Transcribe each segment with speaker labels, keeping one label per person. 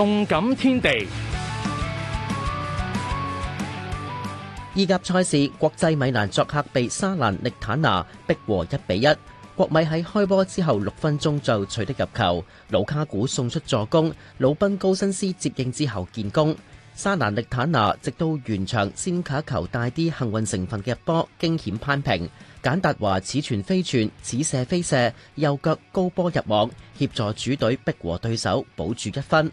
Speaker 1: 動感天地意甲賽事，國際米蘭作客被沙蘭歷坦拿逼和一比一。國米喺開波之後六分鐘就取得入球，盧卡古送出助攻，魯賓高辛斯接應之後建功。沙蘭歷坦拿直到完場先卡球帶啲幸運成分嘅波驚險攀平。簡達華，似傳非傳，似射非射，右腳高波入網，協助主隊逼和對手，保住一分。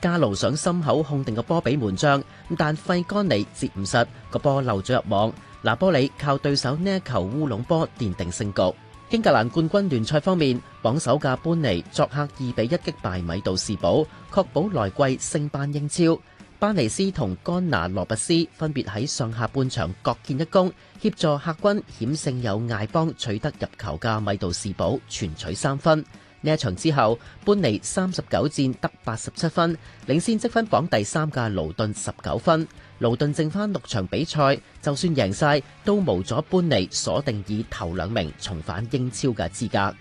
Speaker 1: 加勞上心口控定個波比門將，但費干尼接唔實個波漏咗入網，拿玻里靠對手呢一球烏龍波奠定勝局。英格蘭冠軍聯賽方面，榜首嘅般尼作客二比一擊敗米杜士堡，確保來季升班英超。班尼斯同甘拿羅拔斯分別喺上下半場各建一功，協助客軍險勝有艾邦取得入球嘅米杜士堡，全取三分。呢一場之後，般尼三十九戰得八十七分，領先積分榜第三嘅勞頓十九分。勞頓剩翻六場比賽，就算贏晒，都無阻般尼鎖定以頭兩名重返英超嘅資格。